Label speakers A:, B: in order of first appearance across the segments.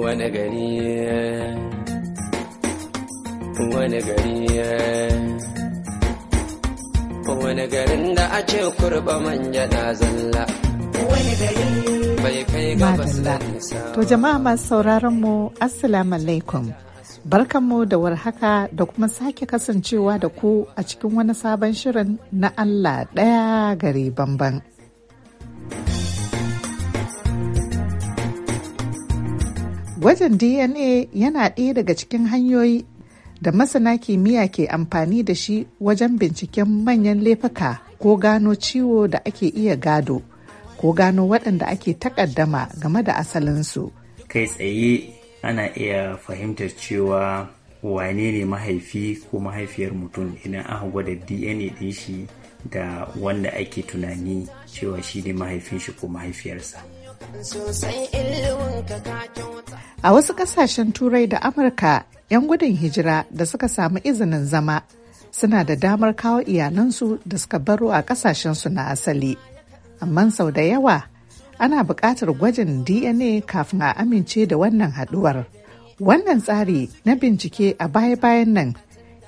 A: wani
B: gari wani gari wani garin da a ce kurba manya na zalla wani gari bai kai gabas da nisa to jama'a
C: masu sauraron mu assalamu alaikum Barkanmu da warhaka da kuma sake kasancewa da ku a cikin wani sabon shirin na Allah ɗaya gari bamban. Gwajin DNA yana ɗaya daga cikin hanyoyi da masana kimiyya ke amfani da shi wajen binciken manyan laifuka ko gano ciwo da ake iya gado ko gano waɗanda ake takaddama game da asalinsu.
A: Kai tsaye ana iya fahimtar cewa wane ne mahaifi ko mahaifiyar mutum idan aka gwada DNA ɗin shi da wanda ake tunani cewa shi ne mahaifin shi ko mahaifiyarsa.
C: A wasu ƙasashen Turai da Amurka, 'yan gudun hijira da suka samu izinin zama suna da damar kawo iyalansu da suka baro a ƙasashensu na asali. Amma sau da yawa, ana buƙatar gwajin DNA kafin a amince da wannan haɗuwar. Wannan tsari na bincike a baya-bayan nan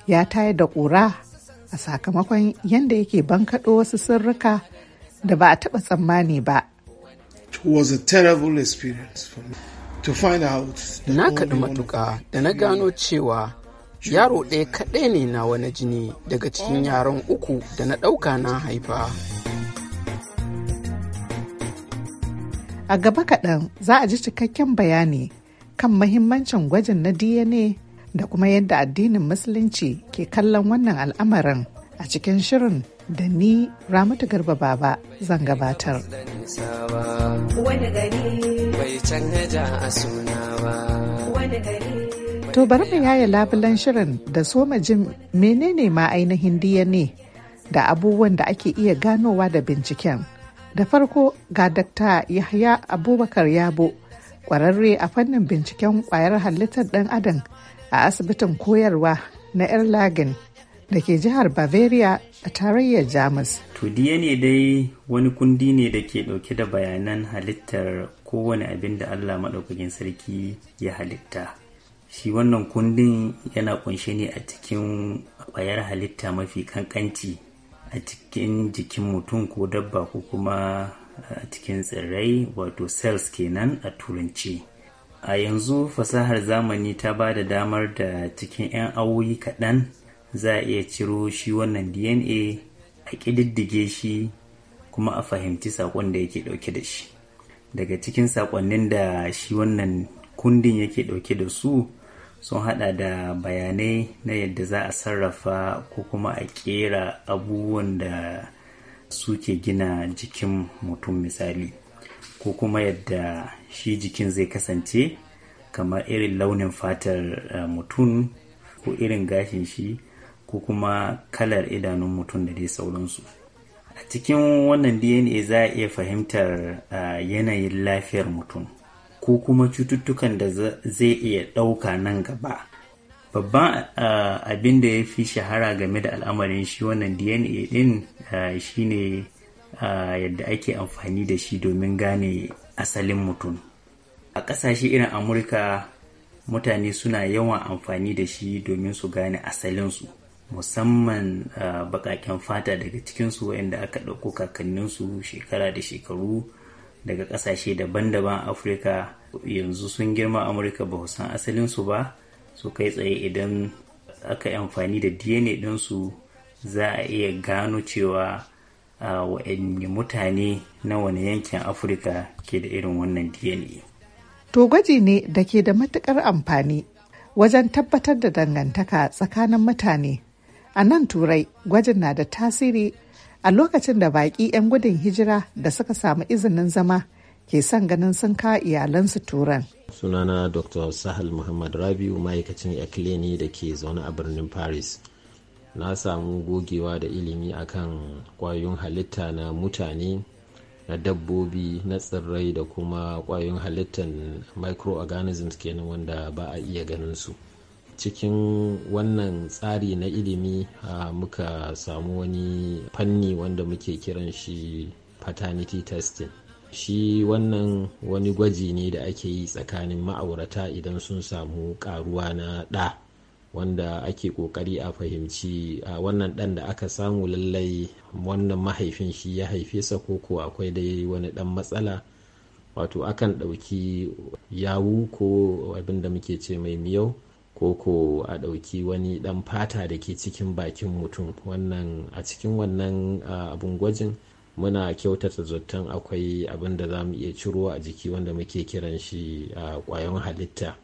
C: ya tayar da ƙura a sakamakon yadda yake bankaɗo wasu sirrika da ba a taɓa tsammani ba.
A: na kaɗi matuƙa da na gano cewa yaro ɗaya kaɗai ne na wani jini daga cikin yaron uku da na ɗauka na haifa.
C: A gaba kaɗan za a ji cikakken bayani kan mahimmancin gwajin na DNA da kuma yadda addinin Musulunci ke kallon wannan al'amarin a cikin shirin da ni Ramatu Garba Baba zan gabatar. To bari mu yaya labulan shirin da soma jin menene ma ainihin ne da abubuwan da ake iya ganowa da binciken. Da farko ga Dakta Yahya Abubakar Yabo kwararre a fannin binciken kwayar halittar ɗan adam a asibitin koyarwa na Erlagen da ke jihar Bavaria a tarayyar Jamus.
A: To DNA dai wani kundi ne da ke ɗauke da bayanan halittar kowane abin da Allah maɗaukakin sarki ya halitta. Shi wannan kundin yana kunshe ne a cikin ƙwayar halitta mafi kankanci a cikin jikin mutum ko dabba ko kuma a cikin tsirrai wato cells kenan a turanci. A yanzu fasahar zamani ta ba da damar da cikin 'yan awoyi kaɗan za a iya ciro shi wannan dna a ƙididdige shi kuma a fahimci saƙon da yake ɗauke da shi daga cikin saƙonnin da shi wannan kundin yake ɗauke da su sun haɗa da bayanai na yadda za a sarrafa ko kuma a ƙera abubuwan da suke gina jikin mutum misali ko kuma yadda shi jikin zai kasance kamar irin launin fatar eh, mutum ko irin gashin shi ko kuma kalar idanun mutum da dai sauransu a cikin wannan dna za a iya fahimtar yanayin lafiyar mutum ko kuma cututtukan da zai iya ɗauka nan gaba babban abin da ya fi shahara game da al'amarin shi wannan dna din shine yadda ake amfani da shi domin gane asalin mutum a ƙasashe irin amurka mutane suna yawan amfani da shi domin su gane asalinsu musamman ah, baƙaƙen fata daga cikinsu waɗanda aka ɗauko kakanninsu shekara da shekaru daga ƙasashe daban-daban afirka yanzu sun girma amurka ba san asalinsu ba su kai tsaye idan aka yi amfani da dna ɗinsu za a iya gano cewa ah, waɗanne mutane na wani yankin afirka ke da irin wannan dna
C: to gwaji ne da ke da matukar amfani wajen tabbatar da dangantaka tsakanin mutane A nan Turai gwajin na da tasiri a lokacin da baƙi 'yan gudun hijira da suka samu izinin zama ke son ganin sun kawo iyalansu turan.
D: Sunana Dr. Sahal Muhammad Rabiu ma'aikacin ne da ke zaune a birnin Paris. Na samu gogewa da ilimi akan kwayoyin halitta na mutane na dabbobi na tsirrai da kuma kwayoyin halittar microorganisms kenan wanda ba a iya ganin su. cikin wannan tsari na ilimi muka samu wani fanni wanda muke kiran shi paternity testing shi wannan wani gwaji ne da ake yi tsakanin ma'aurata idan sun samu karuwa na ɗa wanda ake ƙoƙari a fahimci a wannan ɗan da aka samu lallai wannan mahaifin shi ya haife sa ko kuwa akwai dai wani ɗan matsala wato akan ɗauki yawu ko abin da muke ce mai miyau ko ko a ɗauki wani ɗan fata da ke cikin bakin mutum wannan a cikin wannan abun gwajin muna kyautata zaton akwai abin da za mu iya ciro a jiki wanda muke kiran shi a kwayon halitta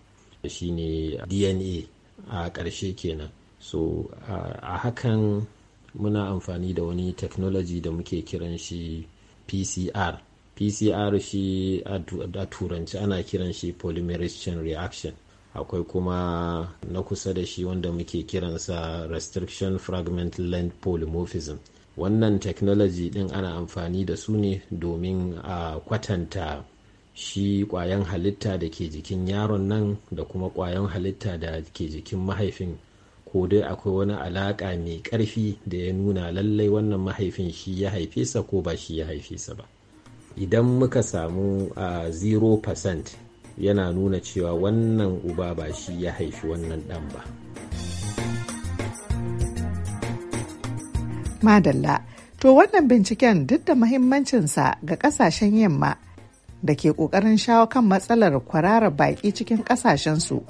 D: shine dna a ƙarshe kenan so a hakan muna amfani da wani technology da muke kiran shi pcr pcr shi a turanci ana kiran shi polymerase chain reaction akwai kuma na kusa da shi wanda muke kiransa restriction fragment length polymorphism wannan technology din ana amfani da su ne domin a kwatanta shi kwayan halitta da ke jikin yaron nan da kuma kwayan halitta da ke jikin mahaifin ko dai akwai wani alaƙa mai ƙarfi da ya nuna lallai wannan mahaifin shi ya haife sa ko ba shi ya haife sa ba idan muka samu a ah, 0% yana nuna cewa wannan uba ba shi ya haifi wannan dan ba.
C: Madalla, to wannan binciken duk da mahimmancinsa ga ƙasashen yamma da ke ƙoƙarin shawo kan matsalar kwararar baƙi cikin ƙasashensu.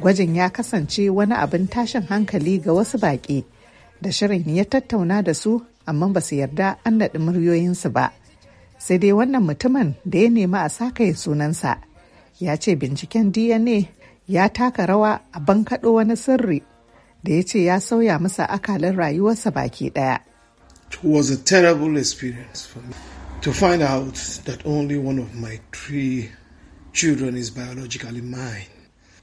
C: Gwajin ya kasance wani abin tashin hankali ga wasu baƙi da shirin ya tattauna da su amma ba su yarda an naɗi muryoyinsu ba. Sai dai wannan mutumin da ya nemi a sakaye sunansa. ya ce binciken dna ya taka rawa a bankaɗo wani sirri da ya ce ya sauya masa akalin rayuwarsa baki ɗaya.
D: It was a terrible experience for me to find out
A: that only one of my three children is biologically mine.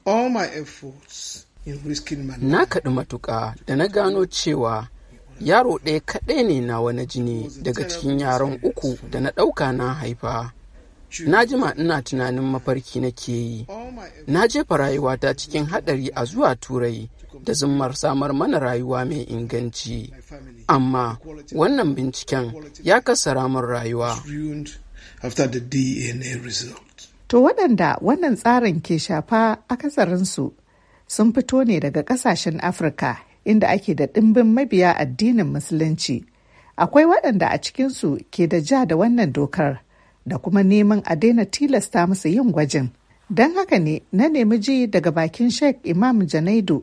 A: All my efforts in risking my life. Na kaɗi matuƙa da na gano cewa yaro ɗaya kaɗai ne na wani jini daga cikin yaran uku da na ɗauka na haifa. Na jima ina tunanin mafarki nake yi. Na jefa rayuwata cikin haɗari a zuwa turai da zimmar samar mana rayuwa mai inganci. Amma wannan binciken ya kasa ramin rayuwa.
C: To waɗanda wannan tsarin ke shafa akasarinsu sun fito ne daga ƙasashen Afirka inda ake da ɗimbin mabiya addinin Musulunci. Akwai waɗanda a cikinsu ke da ja da wannan dokar. da kuma neman a daina tilasta masa yin gwajin. Don haka ne na nemi ji daga bakin Sheikh Imam Janaidu,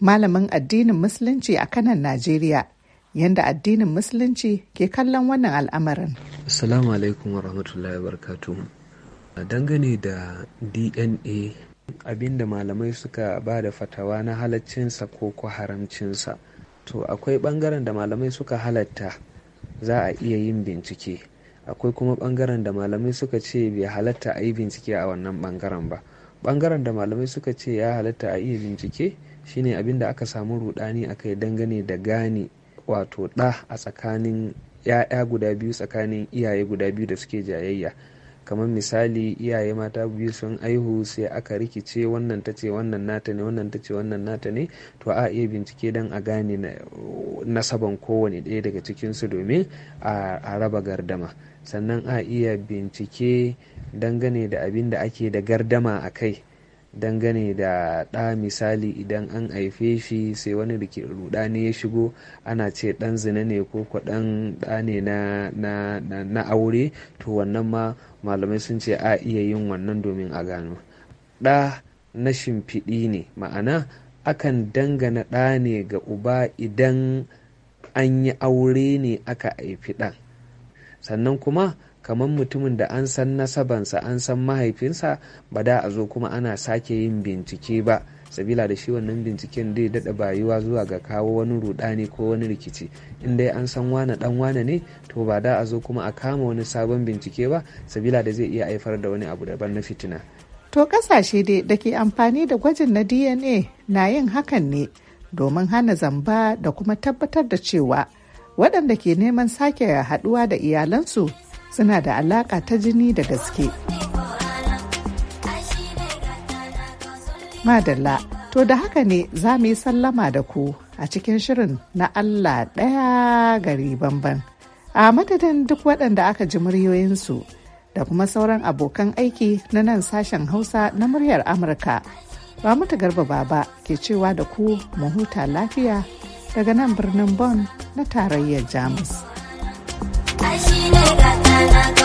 C: malamin addinin Musulunci a kanan Najeriya, yanda addinin Musulunci ke kallon wannan al'amarin.
B: Assalamu alaikum wa rahmatullahi wa Dangane da DNA abinda malamai suka ba da fatawa na halaccinsa ko ko haramcinsa. To akwai ɓangaren da malamai suka halatta za a iya yin bincike. akwai kuma bangaren da malamai suka ce bai halatta a yi bincike a wannan bangaren ba bangaren da malamai suka ce ya halatta a iya bincike shine abin da aka samu rudani a kai dangane da gane wato ɗa a tsakanin 'ya'ya guda biyu tsakanin iyaye guda biyu da suke jayayya kamar misali iyaye mata biyu sun aihu sai aka rikice wannan ta ce wannan nata ne wannan ta ce wannan nata ne to a iya bincike don a gane nasaban kowane ɗaya daga cikinsu domin a raba gardama sannan a iya bincike dangane da abin da ake da gardama a kai dangane da ɗa misali idan an haife shi sai wani rudani ya shigo ana ce ɗan zina ne ko kwaɗan ɗa ne na aure to wannan ma malamai sun ce a iya yin wannan domin a gano ɗa na shimfiɗi ne ma'ana akan dangana ɗa ne ga uba idan an yi aure ne aka haifi ɗan sannan kuma kamar mutumin da an san nasabansa an san mahaifinsa ba da a zo kuma ana sake yin bincike ba sabila da shi wannan binciken zai daɗa bayuwa zuwa ga kawo wani rudani ko wani rikici in dai an san wane dan wane ne to ba da a zo kuma a kama wani sabon bincike ba sabila da zai iya haifar da wani abu daban na fitina
C: to kasashe dai da ke amfani da gwajin na dna na yin hakan ne domin hana zamba da kuma tabbatar da cewa waɗanda ke neman sake haɗuwa da iyalansu suna da alaƙa ta jini da gaske. Madalla, to da haka ne za mu yi sallama da ku a cikin shirin na Allah ɗaya gari banban. A madadin duk waɗanda aka ji muryoyinsu da kuma sauran abokan aiki na nan sashen Hausa na muryar Amurka. ba Ramatu Garba Baba ke cewa da ku mu huta lafiya daga nan birnin Bonn na tarayyar Jamus.
A: la